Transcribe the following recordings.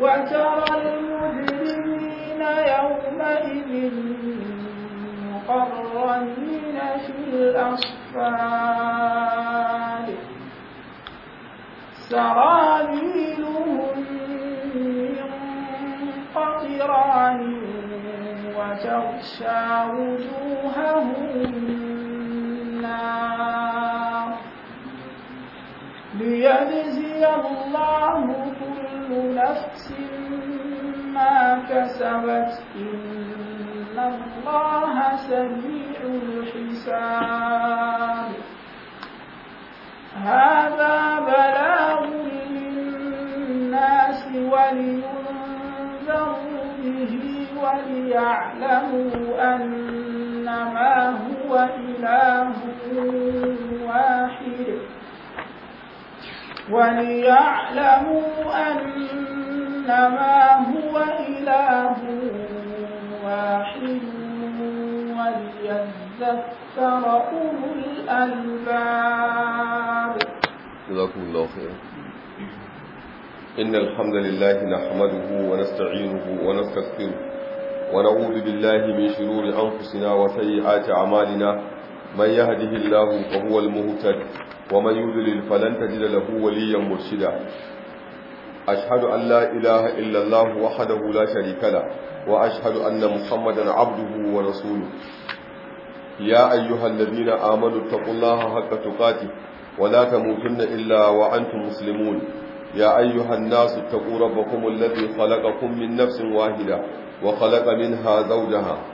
وترى المجرمين يومئذ مقرنين في الأصفاد سرابيلهم من قطران وتغشى وجوههم النار ليجزي الله كل نفس ما كسبت إن الله سريع الحساب هذا بلاغ للناس ولينذروا به وليعلموا أنما هو إله واحد وليعلموا أنما هو إله واحد وليذكر أولو الألباب جزاكم الله خيرا إن الحمد لله نحمده ونستعينه ونستغفره ونعوذ بالله من شرور أنفسنا وسيئات أعمالنا من يهده الله فهو المهتد ومن يذلل فلن تجد له وليا مرشدا أشهد أن لا إله إلا الله وحده لا شريك له وأشهد أن محمدا عبده ورسوله يا أيها الذين آمنوا اتقوا الله حق تقاته ولا تموتن إلا وأنتم مسلمون يا أيها الناس اتقوا ربكم الذي خلقكم من نفس واحدة وخلق منها زوجها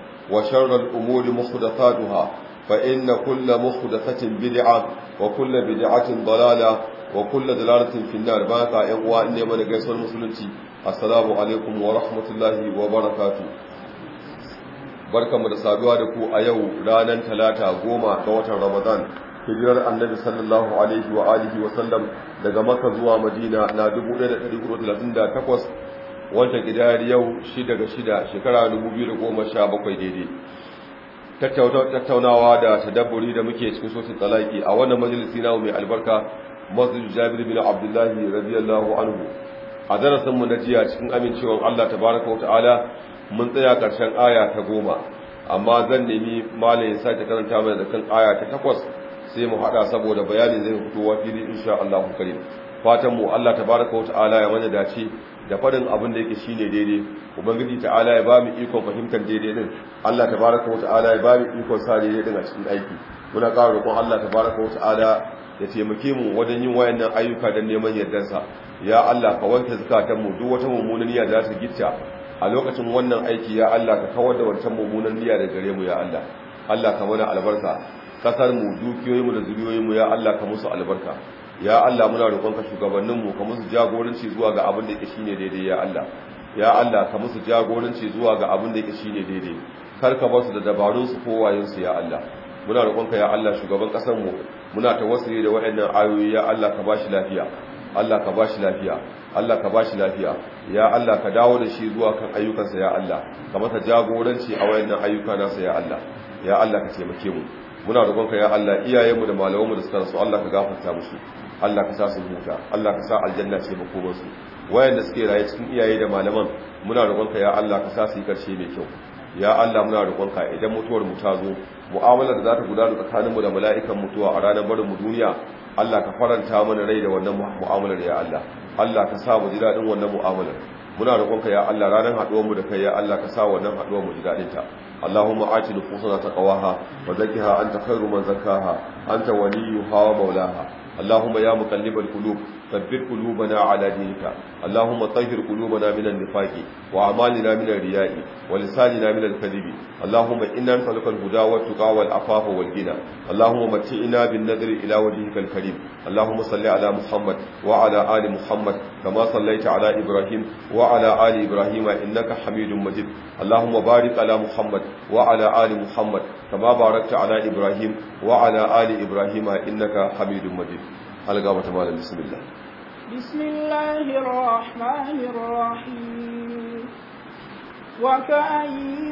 وشر الأمور محدثاتها فإن كل محدثة بدعة وكل بدعة ضلالة وكل ضلالة في النار باقى إغواء إنما نقيس المسلمتي السلام عليكم ورحمة الله وبركاته barka mu da saduwa da ku a yau ranar talata goma ga watan ramadan hijirar annabi sallallahu alaihi wa alihi wa sallam daga makka zuwa madina na 1438 wanda gidar yau 6 daga shida shekara 2017 daidai tattaunawa da tadabburi da muke cikin sosai talaki a wannan majalisi na mai albarka masjid jabir bin abdullahi radiyallahu anhu a darasin mu na jiya cikin amincewar Allah tabaraka wa ta'ala mun tsaya karshen aya ta goma amma zan nemi malam ya sake karanta mana da kan aya ta takwas sai mu haɗa saboda bayani zai fito wa fili insha Allah karim fatan mu Allah tabaraka wa ta'ala ya mana dace da faɗin abin da yake shi ne daidai ubangiji ta'ala ya ba mu ikon fahimtar daidai din allah ta baraka wa ta'ala ya ba mu ikon sa daidai din a cikin aiki muna ƙara roƙon allah ta baraka wa ta'ala ya taimake mu wajen yin wayannan ayyuka da neman yardansa ya allah ka wanke mu duk wata mummunan niyya da za ta gitta a lokacin wannan aiki ya allah ka kawar da wancan mummunan niyya da gare mu ya allah allah ka mana albarka kasar mu mu da mu ya allah ka musu albarka ya Allah muna roƙonka shugabanninmu ka musu jagoranci zuwa ga abin da yake shine daidai ya Allah ya Allah ka musu jagoranci zuwa ga abin da yake shine daidai kar ka basu da dabarun su ko wayen su ya Allah muna roƙonka ya Allah shugaban ƙasar mu muna tawassuli da waɗannan ayoyi ya Allah ka bashi lafiya Allah ka bashi lafiya Allah ka bashi lafiya ya Allah ka dawo da shi zuwa kan ayyukansa ya Allah ka masa jagoranci a wayannan ayyuka nasa ya Allah ya Allah ka taimake mu muna roƙonka ya Allah iyayenmu da malamanmu da suka rasu Allah ka gafarta musu Allah ka sa su huta Allah ka sa aljanna ce makobar su wayanda suke raye cikin iyaye da malaman muna roƙonka ya Allah ka sa su yi karshe mai kyau ya Allah muna roƙonka idan mutuwar mu ta zo mu'amalar da za ta gudana tsakaninmu da mala'ikan mutuwa a ranar barin mu duniya Allah ka faranta mana rai da wannan mu'amalar ya Allah Allah ka sa mu ji daɗin wannan mu'amalar muna roƙonka ya Allah ranar haɗuwar mu da kai ya Allah ka sa wannan haɗuwar mu ji daɗin ta اللهم آت نفوسنا تقواها وزكها أنت خير من زكاها أنت وليها ومولاها اللهم يا مقلب القلوب sabbit qulubana ala dinika allahumma tahhir qulubana min an-nifaq wa a'malina min ar-riya'i wa lisanina min al-kadhib allahumma inna nas'aluka al-huda wa at-tuqa wal afafa wal ghina ila wajhika al-karim allahumma salli ala muhammad wa ala ali muhammad kama sallaita ala ibrahim wa ala ali ibrahim innaka hamidum majid allahumma barik ala muhammad wa ala ali muhammad kama barakta ala ibrahim wa ala ali ibrahim innaka hamidum majid halga mata malam bismillah بسم الله الرحمن الرحيم وكأين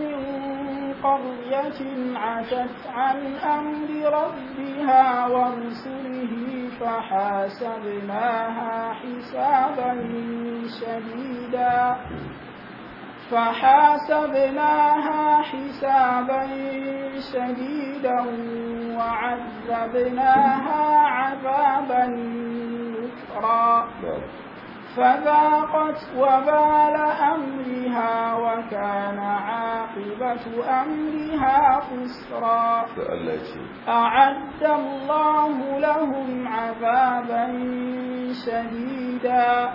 من قرية عتت عن أمر ربها ورسله فحاسبناها حسابا شديدا فحاسبناها حسابا شديدا وعذبناها عذابا أخرى نعم. فذاقت وبال أمرها وكان عاقبة أمرها خسرا أعد الله لهم عذابا شديدا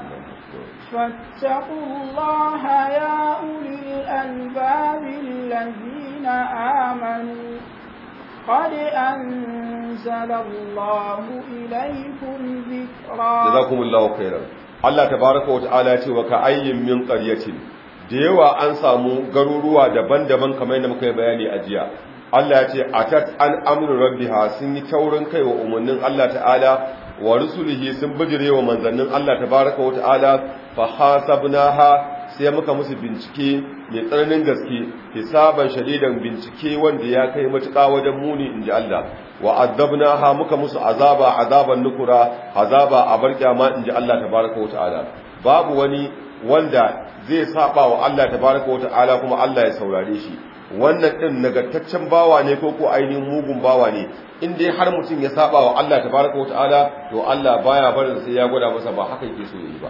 فاتقوا الله يا أولي الألباب الذين آمنوا قد أنزل الله إليكم ذكرا جزاكم الله خيرا Allah tabaraka وتعالى وكأي من قرية ka ayyin min دبن da yawa an samu garuruwa daban-daban kamar bayani a jiya ce atat an amru rabbiha sun yi taurin kai wa umarnin Allah ta'ala wa rusulihi sun wa manzannin Allah tabaraka wa ta'ala fa hasabnaha sai muka musu bincike mai tsananin gaske hisaban shadidan bincike wanda ya kai matuƙa wajen muni inji Allah wa ha muka musu azaba azaban nukura azaba a Ma inji Allah tabaraka wa ta'ala babu wani wanda zai saba wa Allah tabaraka wa ta'ala kuma Allah ya saurare shi wannan din nagartaccen bawa ne ko ko ainihin mugun bawa ne in dai har mutum ya saba wa Allah tabaraka wa ta'ala to Allah baya barin sai ya gwada masa ba haka yake so yi ba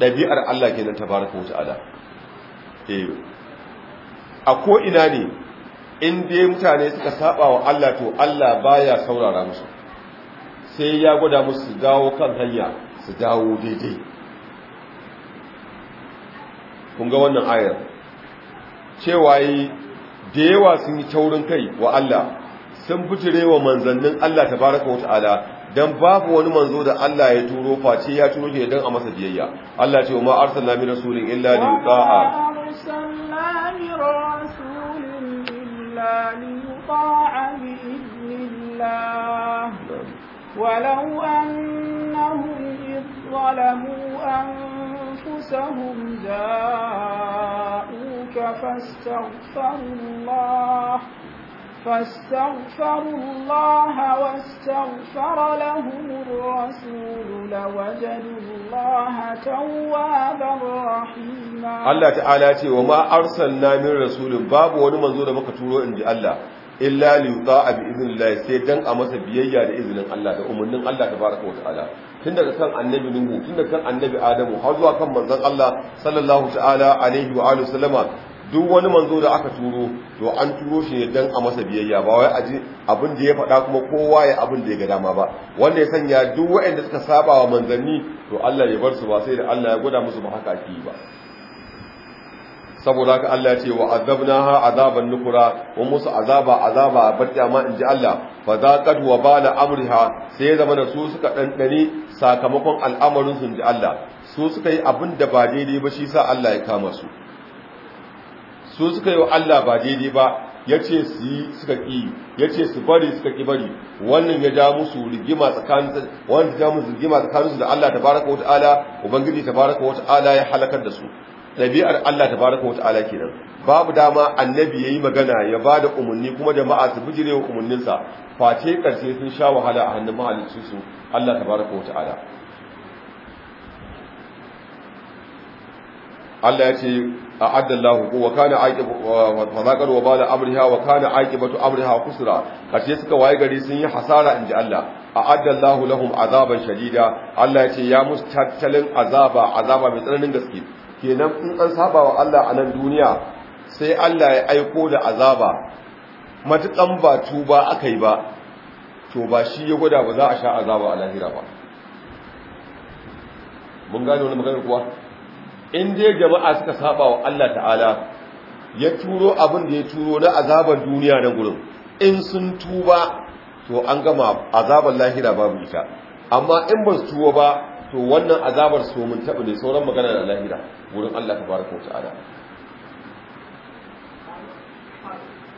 ɗabi'ar Allah kenan tabaraka baraka wata eh a ko ina ne in dai mutane suka saba wa Allah to Allah baya saurara musu sai ya gwada musu su dawo kan hanya su dawo daidai kun ga wannan ayar cewa yi da yawa sun yi taurin kai wa Allah sun bijire wa manzannin Allah baraka wata ala. dan babu wani manzo da Allah ya turo face ya turo shi dan a masa biyayya Allah ce ma arsalna min rasulin illa li yuta'a arsalna ولو أنهم إذ ظلموا أنفسهم جاءوك فاستغفروا الله فاستغفروا الله واستغفر لهم الرسول لوجدوا الله توابا رحيما الله تعالى ce wa ma arsalna min rasulin babu wani manzo da muka turo ji Allah illa li yuta'a bi idnillah sai dan a masa biyayya da izinin Allah da umarnin Allah tabaraka wa ta'ala tun kan annabi nuhu tun daga kan annabi adamu har zuwa kan manzon Allah sallallahu ta'ala duk wani manzo da aka turo to an turo shi ne dan a masa biyayya ba wai aji abin da ya faɗa kuma kowa ya abin da ya ga dama ba wanda ya sanya duk waɗanda suka saba wa manzanni to Allah ya bar su ba sai da Allah ya gwada musu ba haka ake yi ba saboda haka Allah ya ce wa azabnaha azaban nukura wa musu azaba azaba barka ma inji Allah fa zaqat wa bala amriha sai ya zama da su suka dandane sakamakon al'amarin su inji Allah su suka yi abin da ba daidai ba shi sa Allah ya kama su su suka yi wa Allah ba daidai ba ya ce su yi suka ƙi ya ce su bari suka ƙi bari wannan ya ja musu rigima tsakanin wanda ya musu rigima su da Allah tabaraka wata'ala ubangiji tabaraka wata'ala ya halakar da su ɗabi'ar Allah tabaraka wata'ala kenan babu dama annabi yayi magana ya ba da umarni kuma jama'a su bijire wa umarninsa face karshe sun sha wahala a hannun mahalicci su Allah tabaraka wata'ala Allah ya ce a Allah wa kana aqibu fa zaqaru wa bala amriha wa kana aqibatu amriha khusra kace suka waye gari sun yi hasara inji Allah a Allah lahum azaban shadida Allah ya ce ya musu tattalin azaba azaba mai tsananin gaske kenan in an saba wa Allah a nan duniya sai Allah ya aiko da azaba matukan ba tuba akai ba to ba shi ya gwada ba za a sha azaba a lahira ba mun gane wani maganar kuwa in dai jama'a suka saba wa Allah ta'ala ya turo abin da ya turo na azabar duniya na gurin in sun tuba to an gama azabar lahira babu ita amma in ba su tuba ba to wannan azabar su mun taɓa ne sauran magana da lahira gurin Allah tabaraka wa ta'ala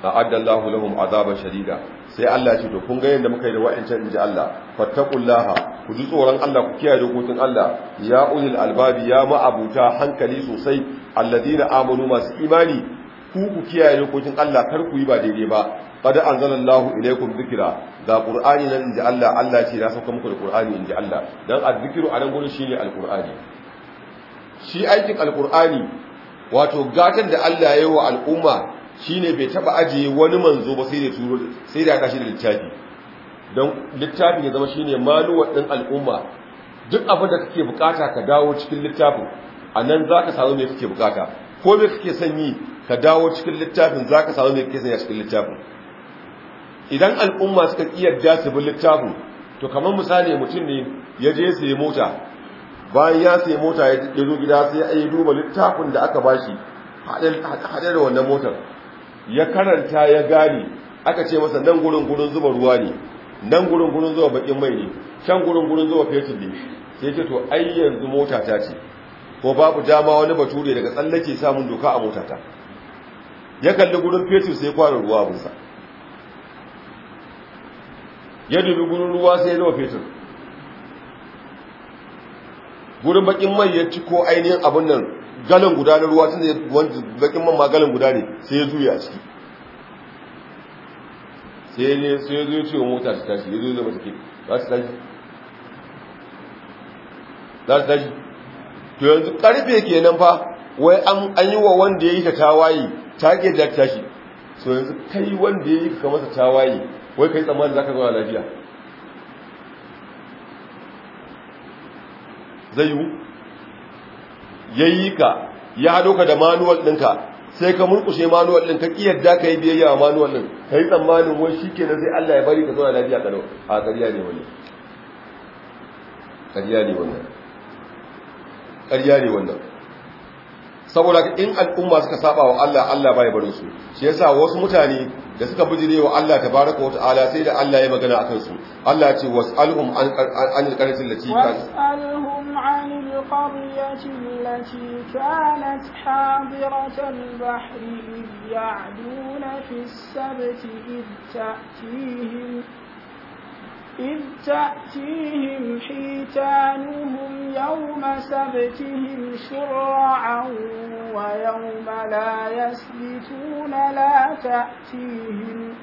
la addallahu lahum azaban shadida sai Allah ce to kun ga yanda muka yi da wa'ancan inji Allah fattaqullaha ku ji tsoron Allah ku kiyaye dokokin Allah ya ulil albabi ya ma'abuta hankali sosai alladina amanu masu imani ku ku kiyaye dokokin Allah kar ku yi ba daidai ba qad anzalallahu ilaykum dhikra da qur'ani nan inji Allah Allah ce na sauka muku da qur'ani inji Allah dan azzikru a nan gurin shine alqur'ani shi aikin alqur'ani wato gatan da Allah ya yi wa al'umma Shi ne bai taba ajiye wani manzo ba sai da turo sai da kashi da littafi don littafi ya zama shine maluwa ɗin al'umma duk abin da kake bukata ka dawo cikin littafin a nan za ka samu me kake bukata ko me kake son yi ka dawo cikin littafin za ka samu me kake son cikin littafin idan al'umma suka kiyarda su bi littafin to kamar misali mutum ne ya je sai mota bayan ya sai mota ya zo gida sai ya duba littafin da aka bashi haɗe da wannan motar ya karanta ya gane aka ce masa nan gurin gurin zuba ruwa ne nan gurin gurin zuba bakin mai ne can gurin gurin zuba fetur ne sai ce to ai yanzu mota ta ce ko babu dama wani bature daga tsallake samun doka a mota ta ya kalli gurin fetur sai kwana ruwa busa. ya dubi gurin ruwa sai ya zuba fetur gurin bakin mai ya ci ko ainihin abin nan galon guda na ruwa tunda wanda bakin man ma galon guda ne sai ya zuya a ciki sai ne sai ya zuya cewa mota ta tashi ya zuya zama take za su tashi za ta tashi to yanzu karfe kenan fa wai an yi wa wanda ya yi ta tawaye ta ke ta tashi so yanzu kai wanda ya yi ka masa tawaye wai kai tsammanin za ka zauna lafiya zai yiwu yayi ka ya hado ka da manuwal ɗinka sai ka murkushe manuwal ɗin ka yadda ka yi biyayya wa manual ɗin ka yi tsammanin wai shi kenan sai Allah ya bari ka zauna lafiya a ƙarya ne wannan ƙarya ne wannan saboda in al'umma suka saba wa Allah Allah bai barin su shi yasa wasu mutane da suka bijire wa Allah tabaraka wataala sai da Allah ya magana akan su Allah ya ce was'alhum an al-qaryati allati was'alhum an al-qaryati allati kanat hadiratan bahri ya'duna fi as-sabti id ta'tihim إذ تأتيهم حيتانهم يوم سبتهم شرعا ويوم لا يسبتون لا تأتيهم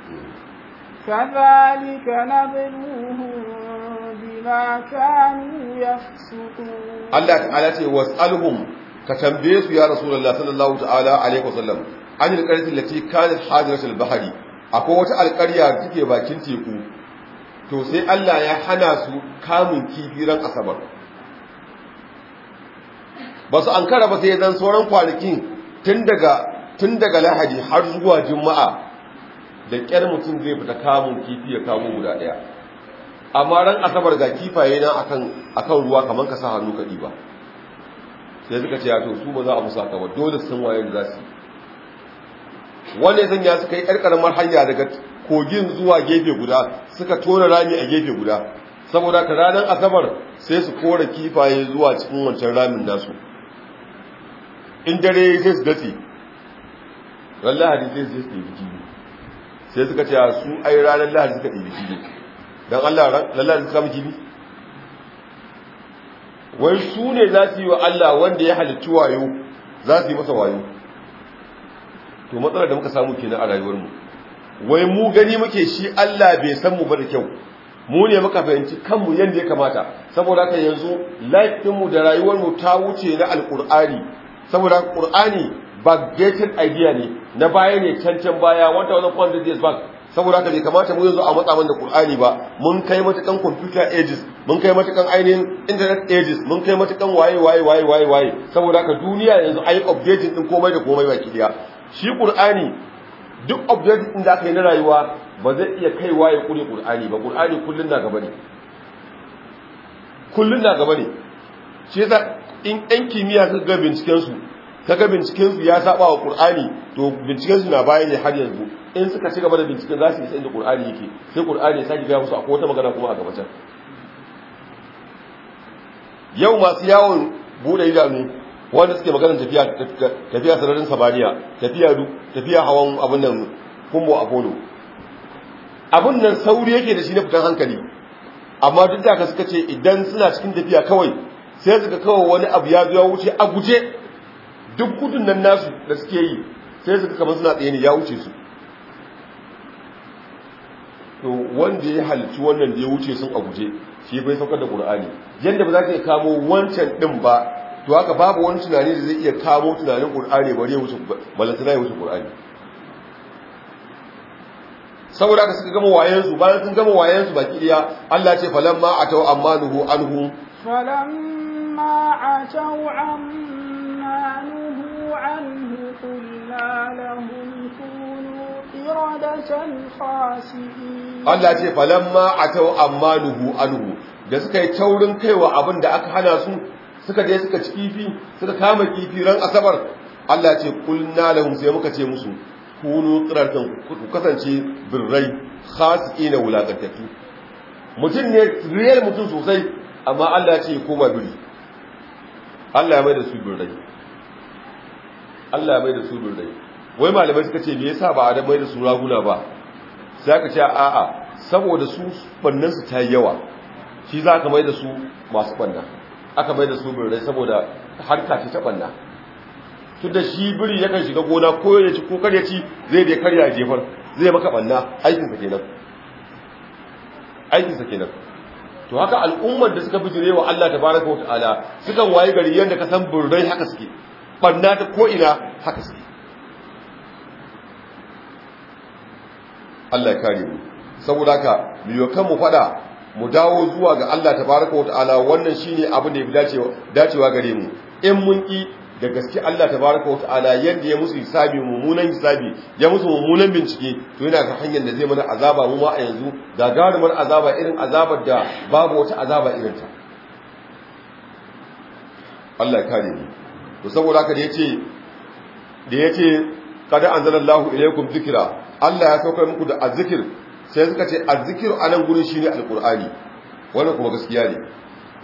كذلك نبلوهم بما كانوا يفسقون الله تعالى واسألهم كتنبيس يا رسول الله صلى الله تعالى عليه وسلم عن القرية التي كانت حاضرة البحر أقوة القرية تكي باكين تيكو to sai Allah ya hana su kamun kifi ran asabar ba su an ba sai zan sauran kwanakin tun daga tun daga lahadi har zuwa juma'a da kyar mutum zai fita kamun kifi ya kamo guda daya amma ran asabar ga kifaye na akan ruwa kamar ka sa hannu kaɗi ba sai suka ce ya to su ba za a musaka ba dole sun waye da za su yi zan ya suka yi ƙarƙarmar hanya daga kogin zuwa gefe guda suka tona rami a gefe guda saboda ka ranar asabar sai su kora kifaye zuwa cikin wancan ramin nasu in dare sai su datse ran lahadi sai su ɗibi ne sai suka ce su ai ranar lahadi suka ɗibi ne don allah ran lahadi suka kama kibi wai su ne za su yi wa allah wanda ya halittu wayo za su yi masa wayo to matsalar da muka samu kenan a rayuwarmu wai mu gani muke shi Allah bai san mu ba da kyau mu ne muka fahimci kanmu yadda ya kamata saboda haka yanzu mu da rayuwar mu ta wuce na alkur'ani saboda alqur'ani backdated idea ne na baya ne cancan baya 1400 years back saboda haka bai kamata mu yanzu a matsa da qur'ani ba mun kai matakan computer ages mun kai matakan ainihin internet ages mun kai matakan waye waye waye waye waye saboda haka duniya yanzu ai updating din komai da komai baki daya shi qur'ani duk object din da aka yi na rayuwa ba zai iya kaiwa ya kure qur'ani ba qur'ani kullun na gaba ne kullun na gaba ne shi yasa in ɗan kimiyya ka ga binciken su ka ga binciken ya saba wa qur'ani to binciken su na baya ne har yanzu in suka ci gaba da binciken za su yi sai da qur'ani yake sai qur'ani ya saki ga musu akwai wata magana kuma a gaba yau masu yawon buɗe idanu wanda suke maganar tafiya tafiya sararin samaniya tafiya du tafiya hawan abin nan kumbo apollo abin nan sauri yake da shi na fitan hankali amma duk da suka ce idan suna cikin tafiya kawai sai suka kawo wani abu ya zuwa wuce a guje duk gudun nan nasu da suke yi sai suka kamar suna tsaye ne ya wuce su to wanda ya halicci wannan da ya wuce sun a guje shi bai saukar da ƙur'ani yadda ba za ka kamo wancan ɗin ba to haka babu wani tunani da zai iya kawo tunanin ƙur'ani bari wuce balantana ya wuce ƙur'ani saboda haka suka gama su, bayan sun gama su baki ɗaya Allah ce falamma tau, amma nuhu anhu falamma tau amma nuhu anhu qulna lahum kunu iradatan khasi'in Allah ce falamma tau, amma nuhu anhu da suka yi taurin kaiwa abin da aka hana su suka je suka ci kifi suka kama kifi ran asabar Allah ce kulna lahum sai muka ce musu kunu tsirarkan ku kasance birrai khasiina wulakantattu mutum ne real mutum sosai amma Allah ce ya koma biri Allah ya mai da su birrai Allah ya mai da su birrai wai malamai suka ce me yasa ba a mai da su raguna ba sai aka ce a'a saboda su bannan su ta yawa shi za ka mai da su masu bannan aka bai da su birrai saboda harka ce ta banna Tunda da shi biri yakan shiga gona ko ya ci ko kar ya ci zai da karya jefar zai maka banna aikinsa kenan aikinsa kenan to haka al'ummar da suka bijire wa Allah tabaraka wa ta'ala sukan waye gari yanda ka san birrai haka suke banna ta ko ina haka suke Allah ya kare mu saboda haka mu kan mu fada mu dawo zuwa ga Allah tabaraka wa ta'ala wannan shine abin da ya dacewa dacewa gare mu in mun ki da gaske Allah tabaraka wa ta'ala yadda ya musu hisabi mummunan hisabi ya musu mummunan bincike to yana ga hanyar da zai mana azaba mu ma a yanzu garumar azaba irin azabar da babu wata azaba irin ta Allah kare mu to saboda haka da yace da yace kada anzalallahu ilaykum dhikra Allah ya saukar muku da azzikir sai suka ce azzikiru a nan shi ne Alƙur'ani. wannan kuma gaskiya ne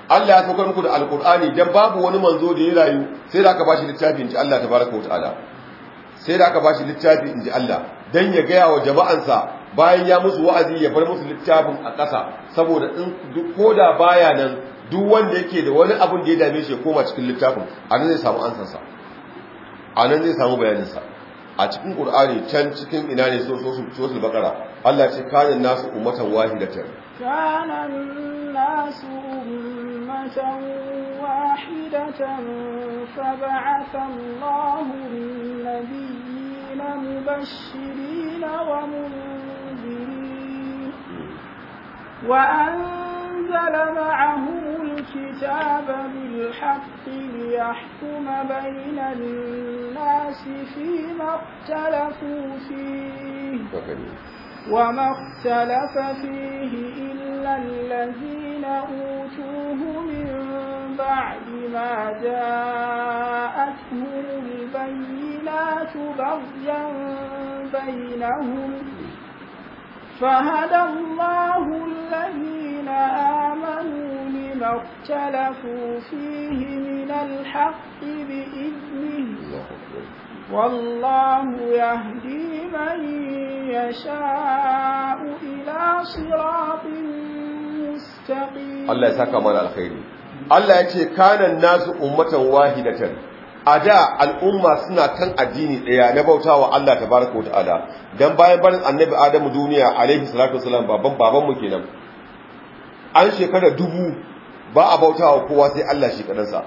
Allah ya saukar muku da Alƙur'ani don babu wani manzo da ya rayu sai da aka ba shi littafi in ji Allah ta wata wataala sai da aka ba shi littafi in ji Allah don ya gaya wa jama'ansa bayan ya musu wa'azi ya bar musu littafin a ƙasa saboda in ko da baya nan duk wanda yake da wani abun da ya dame shi ya koma cikin littafin a nan zai samu ansansa a nan zai samu bayaninsa a cikin qur'ani can cikin ina ne sosu so su bakara Allah ce kanin nasu ummatan wahidatan kanan nasu ummatan wahidatan fab'atha Allahu an-nabiyina mubashshirina wa munzirin hmm. wa anzala ma'ahum الكتاب بالحق ليحكم بين الناس فيما اختلفوا فيه وما اختلف فيه إلا الذين أوتوه من بعد ما جاءتهم البينات بغيا بينهم فهدى الله الذين آمنوا بما اختلفوا فيه من الحق بإذنه والله يهدي من يشاء إلى صراط مستقيم الله يساك من الخير الله يتي كان الناس أمة واحدة Ada a da al'umma suna kan addini ɗaya na bautawa Allah ta baraka wata ala don bayan barin annabi adamu duniya alaihi salatu wasalam baban babanmu kenan an shekara dubu ba a bauta wa kowa sai Allah shi kadansa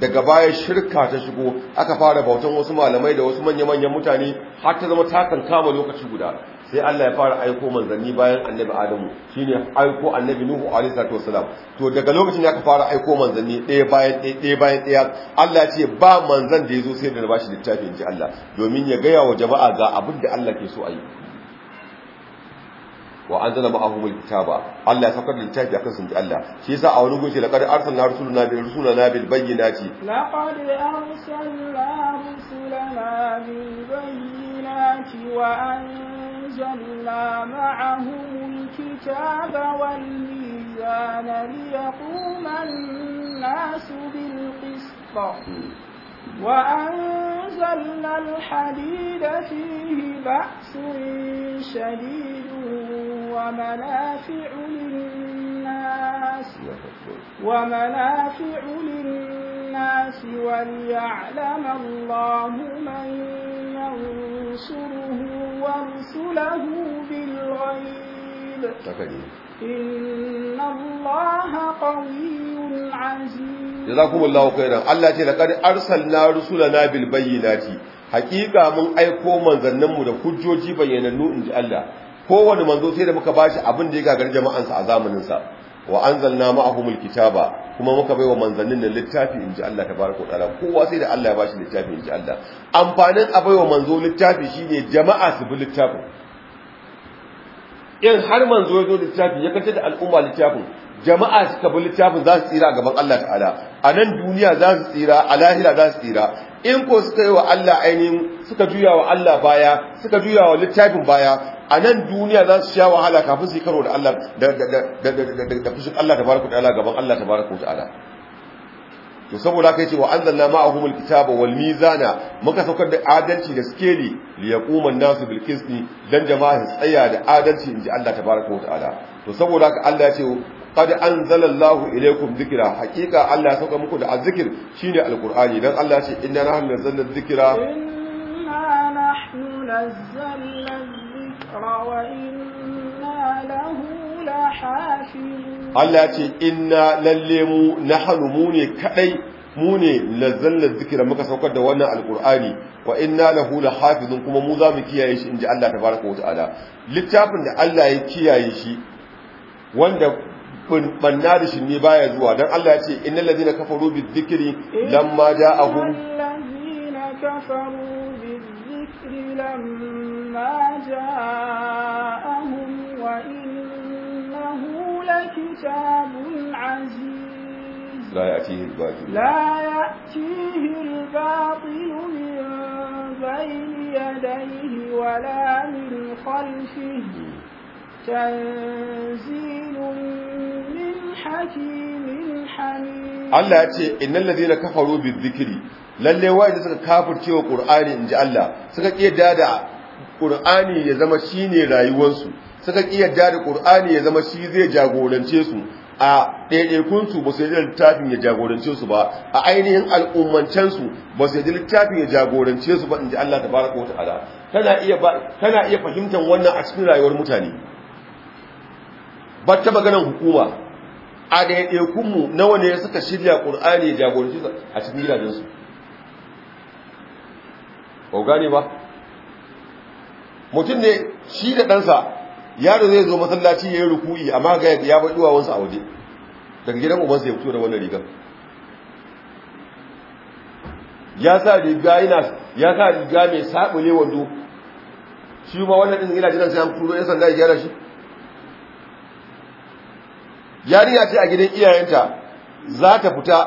daga baya shirka ta shigo aka fara bautan wasu malamai da wasu manya-manyan mutane har ta zama takan kama lokaci guda sai Allah ya fara aiko manzanni bayan annabi Adamu shine aiko annabi Nuhu alaihi salatu wasalam to daga lokacin da aka fara aiko manzanni ɗaya bayan ɗaya bayan ɗaya Allah ya ce ba manzan da ya zo sai da bashi littafin ji Allah domin ya gaya wa jama'a ga abin da Allah ke so a yi wa an anzala ma'ahum alkitaba Allah ya saukar da littafi a kan sun ji Allah shi yasa a wani gunshi laqad arsalna rusulana bil rusulana bil bayyinati laqad arsalna rusulana bil bayyinati wa anzalna ma'ahum alkitaba wal mizana liyaquma an-nasu bil qist hmm. وأنزلنا الحديد فيه بأس شديد ومنافع للناس ومنافع للناس وليعلم الله من ينصره ورسله بالغيب إن الله قوي عزيز جزاكم الله خيرا الله ce na arsalna rusulana bil bayyanaci haƙiƙa mun aiko manzanninmu da hujjoji bayyanannu ji Allah kowane manzo sai da muka bashi abin da ya gagar jama'an a zamaninsa. sa wa anzalna ma'ahumul kitaba kuma muka baiwa manzannin da littafi ji Allah tabaraka ɗara. kowa sai da Allah ya bashi littafi ji Allah amfanin a baiwa manzo littafi shine jama'a su bi littafin in har manzo ya zo littafi ya kace da al'umma littafin jama'a ka bi littafin za su tsira a gaban Allah ta'ala a nan duniya za su tsira a lahira za su tsira in ko suka yi wa Allah ainihin suka juya wa Allah baya suka juya wa littafin baya a nan duniya za su sha wahala kafin su yi karo da Allah da fushin Allah tabaraka ta'ala gaban Allah ta'ala to saboda haka yace wa anzalna ma'ahum alkitaba wal mizana muka saukar da adalci da skeli li yaquma an-nasu bil qisti dan jama'a su tsaya da adalci inji Allah tabaaraka wa ta'ala to saboda haka Allah yace qad anzala Allahu ilaykum dhikra haqiqa Allah ya sauka muku da azzikir shine alqur'ani dan Allah yace inna nahnu nazzalna dhikra inna nahnu nazzalna dhikra wa inna lahu Allah ce, "Ina lalle mu na hannu mu ne kadai mu ne lazzan zikira muka saukar da wannan alkur'ani wa ina na hula hafizin kuma mu za mu kiyaye shi in ji Allah ta fara ta’ala. Littafin da Allah ya kiyaye shi wanda banna da shi ne baya zuwa don Allah ya ce, "Ina lalle na kafa rubin zikiri don ma كتاب عزيز لا يأتيه الباطل لا يأتيه الباطل من بين يديه ولا من خلفه تنزيل من حكيم حميد Allah ya ce innal ladina kafaru bizikri lalle wanda suka kafirce Qur'ani inji Allah suka ke dada ƙur'ani ya zama shine rayuwarsu. suka iya yadda da ya zama shi zai jagorance su a ɗaiɗaikun su ba su yadda littafin ya jagorance su ba a ainihin al'ummancen su ba su yadda littafin ya jagorance su ba inda Allah Ta fara ta'ala kana iya iya fahimtar wannan a cikin rayuwar mutane ba ta maganar hukuma a ɗaiɗaikunmu na nawa ne suka shirya qur'ani ya jagorance su a cikin gidajensu su ba gane ba mutum ne shi da ɗansa yaro zai zo masallaci ya yi ruku'i amma ga ya bai duwawansa a waje daga gidan ubansa ya fito da wannan rigar ya sa riga yana ya sa riga mai sabule wando shi ma wannan din ila jiran sai an turo ya sanda ya gyara shi yariya ce a gidan iyayenta za ta fita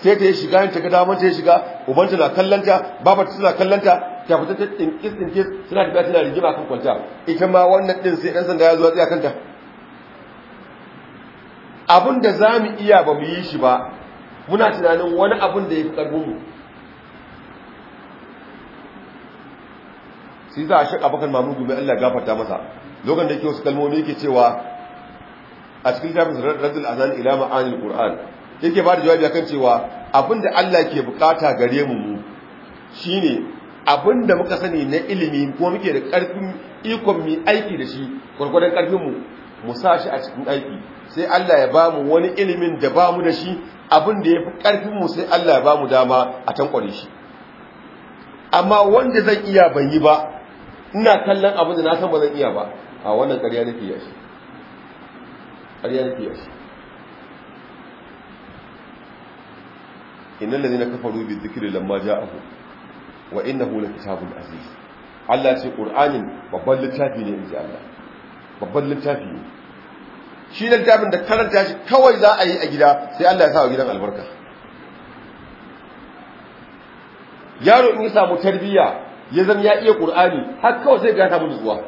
sai ta yi shiga yin ta ga damar ta yi shiga ubanta na kallanta babar ta na kallanta ta fita ta tsinkis tsinkis suna tafiya tana rigima kan kwanta ita ma wannan ɗin sai ɗan sanda ya zo tsaya kanta abin da za mu iya ba mu yi shi ba muna tunanin wani abin da ya fi ƙarfinmu sai za a shaƙa abokan mamudu mai allah gafarta masa Lokan da ke wasu kalmomi ke cewa a cikin tafin radul azan ila ma'anil qur'an yake ba da jawabi akan cewa abin da allah ke bukata gare mu mu shine abin da muka sani na ilimi kuma muke da ƙarfin ikon mu aiki da shi gwargwadon ƙarfinmu mu mu sa shi a cikin aiki sai Allah ya ba mu wani ilimin da ba mu da shi abin da ya fi ƙarfinmu mu sai Allah ya ba mu dama a tankware shi amma wanda zan iya ban yi ba ina kallon abin da na san ba zan iya ba a wannan ƙarya nake ya shi ƙarya nake ya shi innal ladina kafaru bi dhikri lamma ja'ahum wa innahu kitabun aziz Allah ce Qur'anin babban littafi ne inji Allah babban littafi ne shi littafin da karanta shi kawai za a yi a gida sai Allah ya sa gidan albarka yaro in samu tarbiyya ya zama ya iya ƙur'ani, har kawai sai ga ta mun zuwa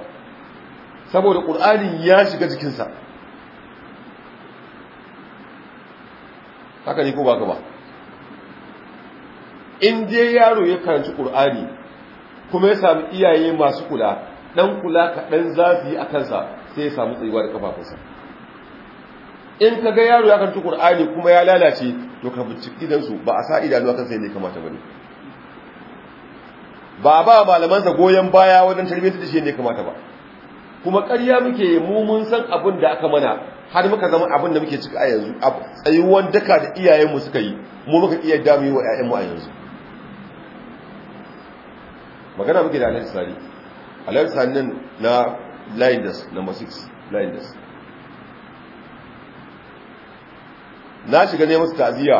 saboda ƙur'ani ya shiga jikinsa haka ne ko ba ka ba in je yaro ya karanci ƙur'ani kuma ya sami iyaye masu kula ɗan kula kaɗan za su yi a kansa sai ya samu tsayuwa da ƙafafunsa in ka ga yaro ya karanci ƙur'ani kuma ya lalace to ka binciki idansu ba a sa idanu a kansa yadda ya kamata ba ne ba ba malamansa goyon baya wajen tarbiyyar da shi ne kamata ba kuma ƙarya muke mu mun san abin da aka mana har muka zama abin da muke cika a yanzu tsayuwan daka da iyayenmu suka yi mu muka iya damu yi wa 'ya'yanmu a yanzu magana muke da alhaji sani alhaji sani nan na blinders number 6 blinders na shiga ne masu ta'aziyya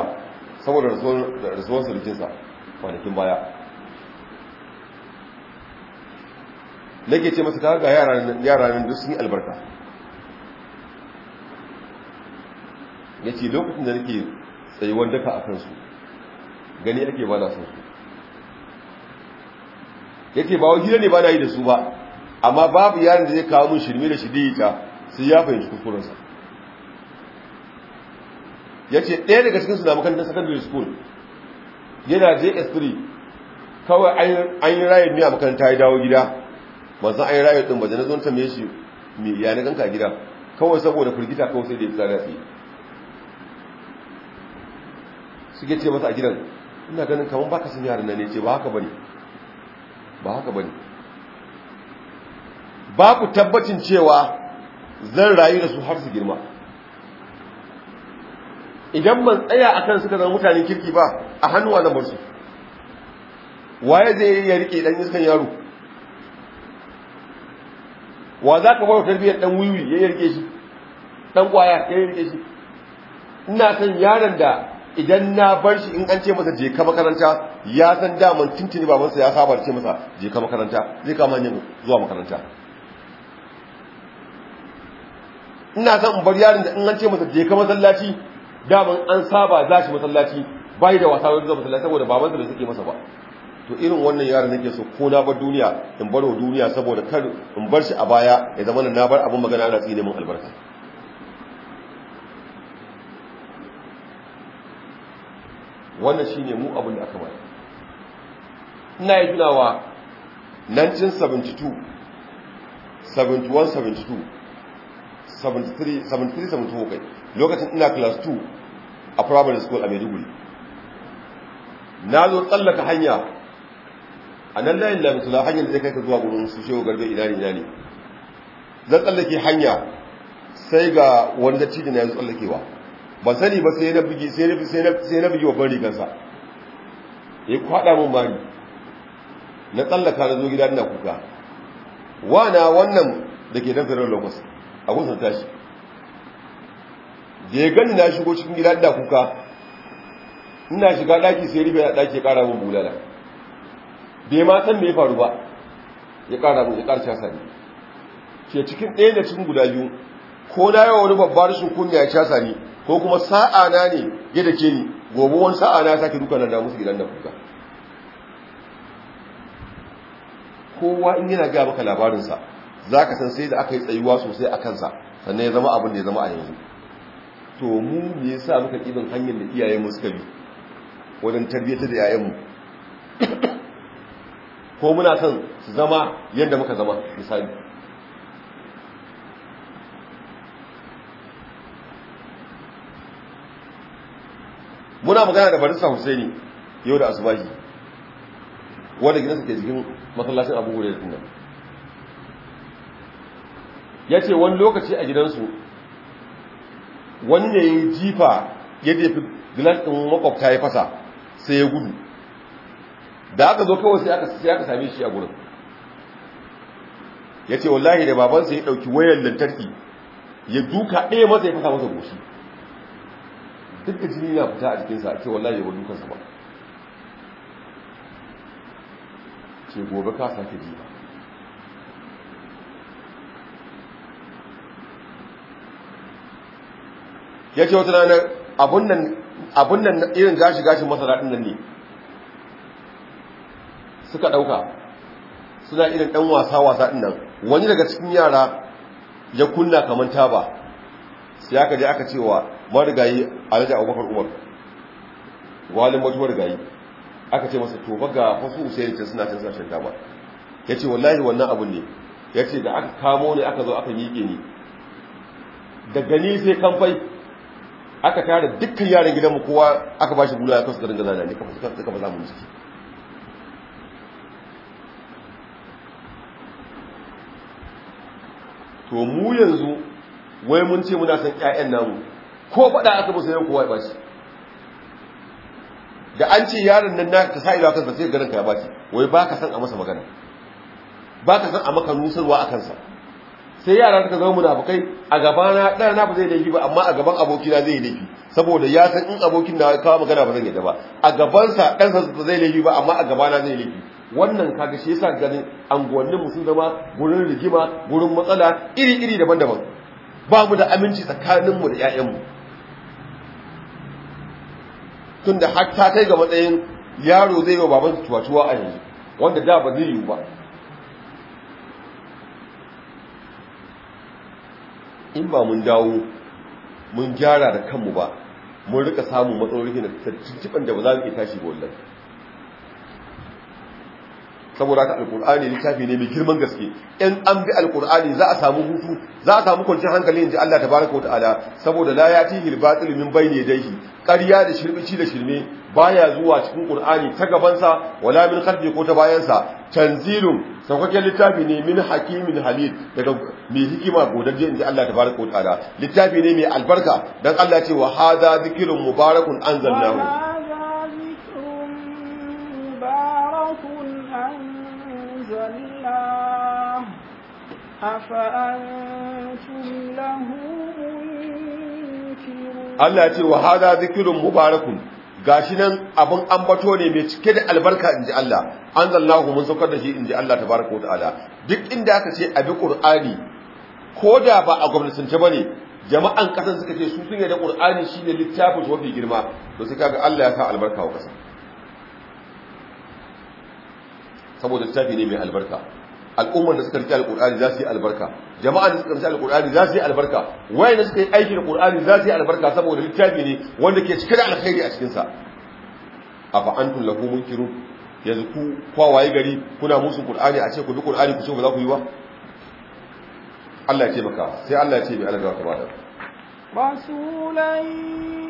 saboda rasuwar surukinsa kwanakin baya nake ce masu kaga nan duk sun yi albarka ya ce lokacin da nake tsayuwar daka a kansu gani yake ba na sun su ya ba wa hira ne ba na yi da su ba amma babu yaron da zai kawo mun shirme da shi ta sai ya fahimci kukurinsa ya ce ɗaya daga cikinsu na makarantar secondary school yana js3 kawai an yi rayar ne a makaranta ya dawo gida masu an yi rayar ɗin bajanar na zuwan tambaye shi mai yanar ganka gida kawai saboda firgita kawai sai da ya tsara fi suke ce masa a gidan ina ganin kamar baka sun yaran nan ne ce ba haka bane ba haka bane ku tabbacin cewa zan rayu da su har su girma idan ban tsaya akan suka zama mutane kirki ba a hannuwa na barsu waye zai ya rike dan iskan yaro wa za ka bawa tarbiyyar dan wiwi ya rike shi dan kwaya ya rike shi ina son yaron da idan na bar shi in an ce masa je ka makaranta ya san daman tuntuni babansa ya saba ce masa je ka makaranta zai kama yin zuwa makaranta ina son in bar yarin da in an ce masa je ka masallaci daman an saba za shi masallaci bai da wasa wajen masallaci saboda babansa bai suke masa ba to irin wannan yaron nake so ko na bar duniya in baro duniya saboda kar in bar shi a baya ya zama na bar abun magana ana tsine min albarka wannan shi ne mu abin da aka bari ina yi tunawa 1972 71 72 73 74 lokacin ina class 2 a primary school a Maiduguri na zo tsallaka hanya a nan layin lamitula hanyar da zai kai ka zuwa gurin su shewa garbe ina ne ne zan tsallake hanya sai ga wanda cijin ya zo tsallakewa ba sani ba sai na bugi sai na sai na bugi babban rigansa ya kwada mun bari na tsallaka na zo gida ina kuka wana wannan da ke nazarin lagos a kusa tashi da ya gani na shigo cikin gida ina kuka ina shiga daki sai ribe na daki ya kara mun bulala bai ma san me ya faru ba ya kara mun ya karshe sani ke cikin ɗaya da cikin guda biyu ko na yawa wani babbar shi kunya ya casa ni ko kuma sa'a na ne ya ke ni gobe wani sa'a na sake duka na da musu gidan da kuka kowa in yana gaya maka labarinsa za ka san sai da aka yi tsayuwa sosai a kansa sannan ya zama abin da ya zama a yanzu to mu me sa muka kibin hanyar da iyayenmu suka bi wajen tarbiyyar da mu ko muna son su zama yadda muka zama misali muna magana da farisa Husaini yau da asubahi wanda gidansa ke jikin masallacin Abu Hurairah din ya ce wani lokaci a gidansu wani ne ya jifa ya fi gilas makwabta ya fasa sai ya gudu da aka zo kawai sai aka sai same shi a gurin ce wallahi da babansa ya ɗauki wayan lantarki ya duka ɗaya masa ya fasa masa goshi duk da jini na fita a jikinsa ake wallahi ya wani kansa ba ce gobe ka sake ji ba ya ce wata ranar abun nan irin gashi-gashin masara ɗin nan ne suka ɗauka suna irin ɗan wasa-wasa ɗin nan wani daga cikin yara ya kunna kamar taba sai aka je aka cewa marigayi alhaji abubakar umar walin wata marigayi aka ce masa to ga fasu usaini can suna can suna can dama ya ce wallahi wannan abun ne ya ce da aka kamo ne aka zo aka miƙe ni daga ni sai kamfai aka tare dukkan yaren gidanmu kowa aka ba shi gula ya kasu da ringa zana ne ka suka ba za mu ciki to mu yanzu wai mun ce muna san 'ya'yan namu ko faɗa aka musu yau kowa ya bashi da an ce yaron nan na ka sa ido akan sai garin ka ya bashi wai ba ka san a masa magana ba ka san a maka nusarwa a kansa sai yara suka zama munafukai a gabana ɗana na ba zai laifi ba amma a gaban abokina zai laifi saboda ya san in abokin na kawo magana ba zan yadda ba a gabansa ɗansa ba zai laifi ba amma a gabana zai laifi wannan kaga shi yasa ganin anguwanninmu sun zama gurin rigima gurin matsala iri-iri daban-daban ba mu da aminci tsakaninmu da 'ya'yanmu tun da hatta kai ga matsayin yaro zai yi wa baban tuwatuwa a yanzu wanda da ba zai yi ba in ba mun dawo mun gyara da kanmu ba mun rika samun matsalolin da tuntuɓin da ba za mu iya tashi ba wallahi saboda haka alkur'ani littafi ne mai girman gaske in an bi alkur'ani za a samu hutu za a samu kwanciyar hankali inji Allah tabaraka wa ta'ala saboda la ya al-batil min bayni yadayhi ƙarya da shirbici da shirme baya zuwa cikin qur'ani ta gabansa wala min khalfi ko ta bayansa tanzilun saukakken littafi ne min hakimin halil daga mai hikima godajje inji Allah tabaraka wa ta'ala littafi ne mai albarka dan Allah ce wa hadha dhikrun mubarakun anzalnahu Allah ce منكرون الله يقول وهذا mubarakun, gashi nan abin ambato ne mai cike da albarka in ji Allah an zallahu mun saukar da shi in ji Allah ta baraka wa ta'ala duk inda aka ce abi ƙur'ani ko da ba a gwamnatance ba ne jama'an ƙasar suka ce su sun da ƙur'ani shi ne littafin shi mafi girma to sai kaga Allah ya sa albarka wa ƙasa saboda littafi ne mai albarka al'ummar da suka rike alqur'ani za su yi albarka jama'a da suka rike alqur'ani za su yi albarka waye da suka yi aiki da qur'ani za su yi albarka saboda littafi ne wanda ke cike da alkhairi a cikin sa afa antum lahu munkirun yanzu ku kwawaye gari kuna musu qur'ani a ce ku bi qur'ani ku so ba za ku yi ba Allah ya ce maka sai Allah ya ce bi Allah ta bada rasulan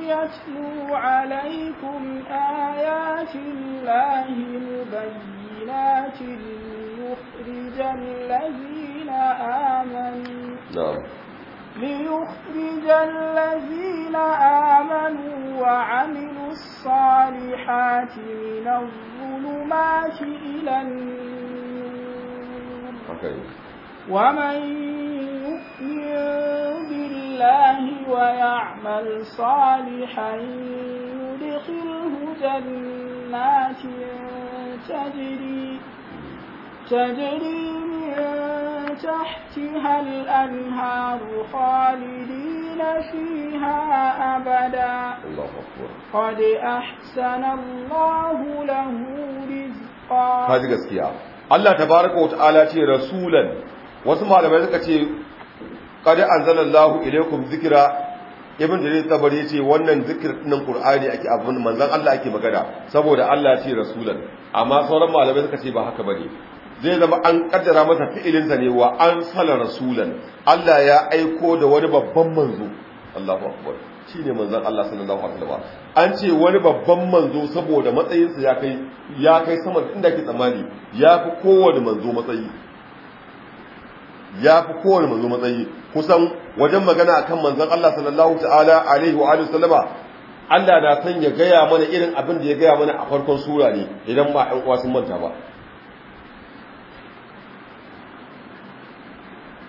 yatlu alaikum ayatin lahi mubayyinatin ليخرج الذين آمنوا نعم. ليخرج الذين آمنوا وعملوا الصالحات من الظلمات إلى النور ومن يؤمن بالله ويعمل صالحا يدخله جنات تجري تجري من تحتها الأنهار خالدين فيها أبدا قد أحسن الله له رزقا هذه قصية الله تبارك وتعالى رسولا وسمع لما يزكى قد أنزل الله إليكم ذكرا ibn jarir tabari ce wannan zikirin qur'ani ake abun manzon Allah ake magana saboda Allah ce rasulan amma sauran malamai suka ce ba haka bane zai zama an kaddara masa fi'ilinsa ne wa an sala rasulan Allah ya aiko da wani babban manzo Allahu akbar shine manzon Allah sallallahu alaihi wasallam an ce wani babban manzo saboda matsayinsa ya kai ya kai sama inda ke tsammani ya fi kowane manzo matsayi ya fi kowane manzo matsayi kusan wajen magana akan manzon Allah sallallahu ta'ala alaihi wa alihi sallama Allah na san ya gaya mana irin abin da ya gaya mana a farkon sura ne idan ba ƴan uwa sun manta ba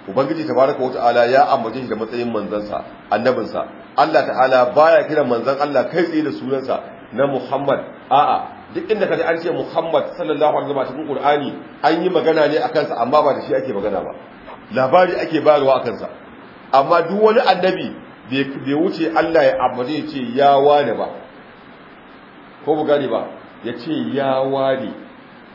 ubangiji ta wata wata'ala ya ambace shi da matsayin manzansa annabinsa Allah ta'ala baya kiran manzan Allah kai tsaye da sunansa na Muhammad a'a duk inda kaji an ce Muhammad sallallahu alaihi wasallam cikin an yi magana ne akan sa amma ba da shi ake magana ba labari ake bayarwa akan sa amma duk wani annabi bai wuce Allah ya ambace ya ce ya wani ba ko bu gani ba ya ce ya wani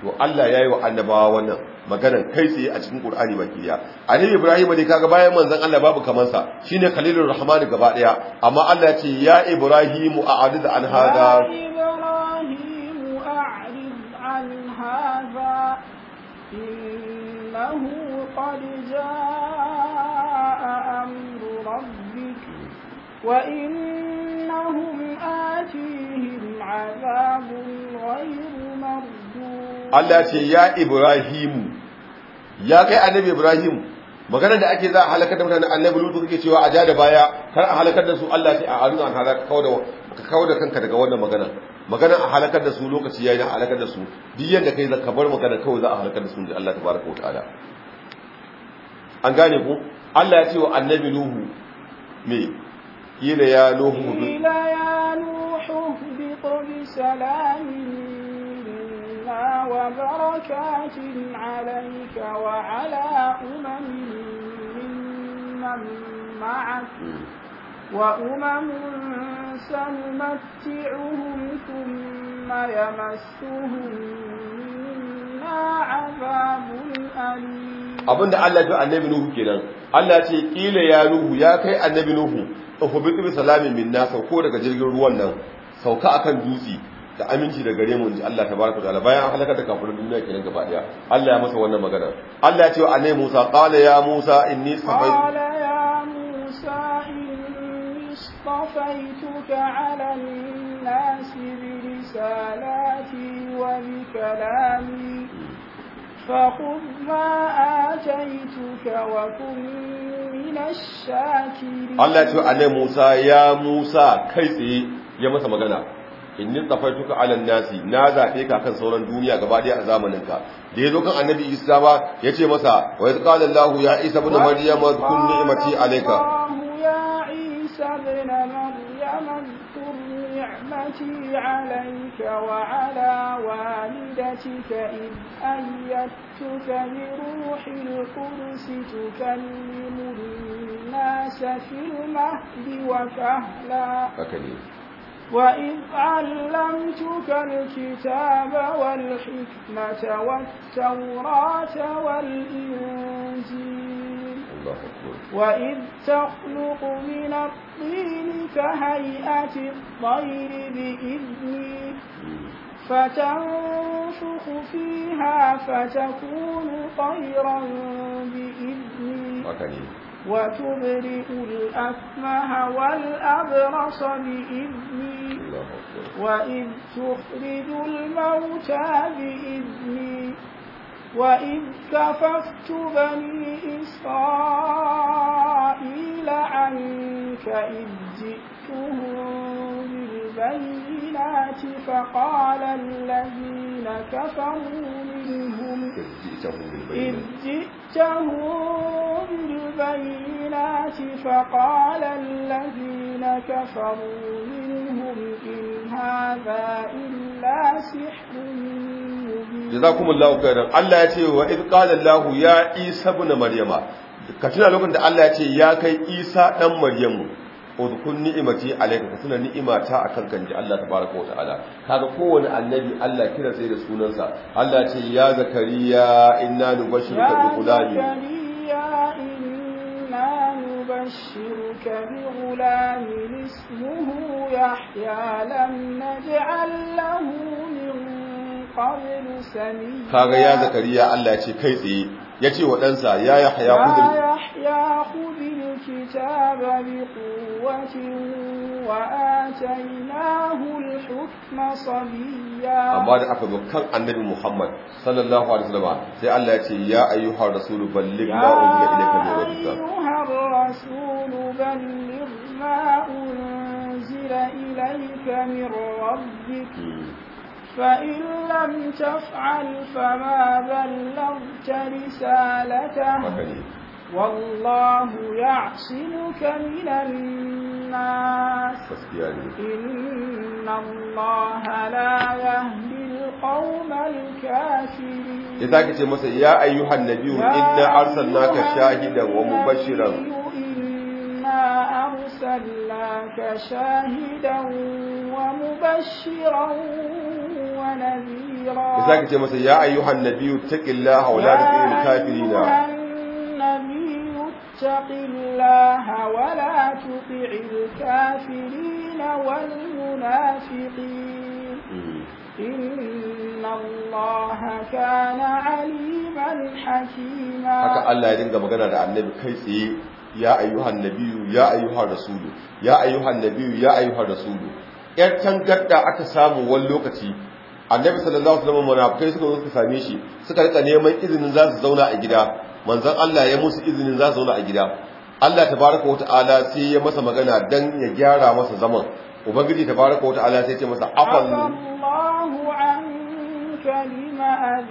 to Allah ya yi wa annabawa wannan maganan kai tsaye a cikin ƙur'ani baki daya annabi Ibrahim ne kaga bayan manzon Allah babu kamansa. sa shine Khalilur Rahman gaba daya amma Allah ya ce ya Ibrahim a'rid an hada وإنهم آتيهم عذاب غير مردود Allah ce ya Ibrahimu ya kai annabi ibrahim magana da ake za a halakar da mutane annabi lutu kake cewa a ja da baya kar a halakar da su Allah sai a haruna an halaka kawo da kanka daga wannan magana magana a halakar da su lokaci yayi da halakar da su duk yanda kai zaka bar magana kawai za a halakar da su da Allah tabaraka wa ta'ala an gane ku Allah ya ce wa annabi nuhu me kila ya nuhu kila ya nuhu bi qawli salamin وبركات عليك وعلى أمم من معك وأمم سنمتعهم ثم يمسهم منا عذاب أليم abin da Allah ya annabi Nuhu kenan Allah ce kila ya Nuhu ya kai annabi Nuhu ukhbitu bi salamin minna sauko daga jirgin ruwan nan sauka akan dutse da aminci da gare mu inji Allah tabaraka ta'ala bayan an halaka da kafirin duniya kenan gaba daya Allah ya masa wannan magana Allah ya ce wa annabi Musa qala ya Musa inni safai qala ya Musa inni safaituka 'ala an-nas bi risalati wa bi kalami فخذ ما آتيتك وكن من الشاكرين الله Musa موسى يا موسى كيف يا مسا مغانا inni tsafaituka ala nasi na zaɓe ka kan sauran duniya gaba ɗaya a zamanin ka da zo kan annabi Isa ba ce masa wai qala ya Isa ibn Maryam kun ni'mati alayka ya Isa ibn Maryam kun ni'mati alayka wa ala وإذ علمتك الكتاب والحكمة والتوراة والإنجيل وإذ تخلق من الطين كهيئة الطير بإذني فتنفخ فيها فتكون طيرا بإذني وتبرئ الأفمه والأبرص بإذني وإذ تخرج الموتى بإذني وإذ كففت بني إسرائيل عنك إذ جئتهم بالبينات فقال الذين كفروا منهم إذ جئتهم بالبينات فقال الذين كفروا منهم إن هذا إلا سحر jazakumullahu khairan Allah ya ce wa id qala Allah ya Isa ibn Maryama ka tuna lokacin da Allah ya ce ya kai Isa dan Maryamu udkun ni'imati alayka ka tuna ni'imata akan kan Allah tabaaraka wa ta'ala kaga kowane annabi Allah kira sai da sunansa Allah ya ce ya Zakariya inna nubashshiruka bi ghulamin نبشرك بغلام اسمه يحيى لم نجعل له من قبل ya kaga ya zakariya Allah ya ce kai tsaye ya ce wa ɗansa ya yahya haya ya amma da aka zo kan annabi Muhammad sallallahu alaihi wasallam sai Allah ya ce ya ayyuhar rasulu balligh ma unzila ilayka min rabbika ya ayyuhar rasulu balligh ma unzila فإن لم تفعل فما بلغت رسالته والله يعصمك من الناس إن الله لا يهدي القوم الكافرين إذا كنت مثلا يا أيها النبي إنا أرسلناك شاهدا ومبشرا إنا أرسلناك شاهدا ومبشرا ونذيرا إذا كنت مثلا يا أيها النبي اتق الله ولا تطع الكافرين النبي اتق الله ولا تطع الكافرين والمنافقين الله كان عليما haka Allah ya dinga magana da annabi kai tsaye ya ayyuhan nabiyyu ya rasulu ya ayyuhan nabiyyu ya ayyuhar rasulu yar tangarda aka samu wani lokaci annabi sallallahu alaihi wasallam munafikai suka zo su same shi suka rika neman izinin za su zauna a gida manzon Allah ya musu izinin za su zauna a gida Allah tabaraka wata'ala sai ya masa magana dan ya gyara masa zaman ubangiji tabaraka wata'ala sai ya ce masa afallahu anka lima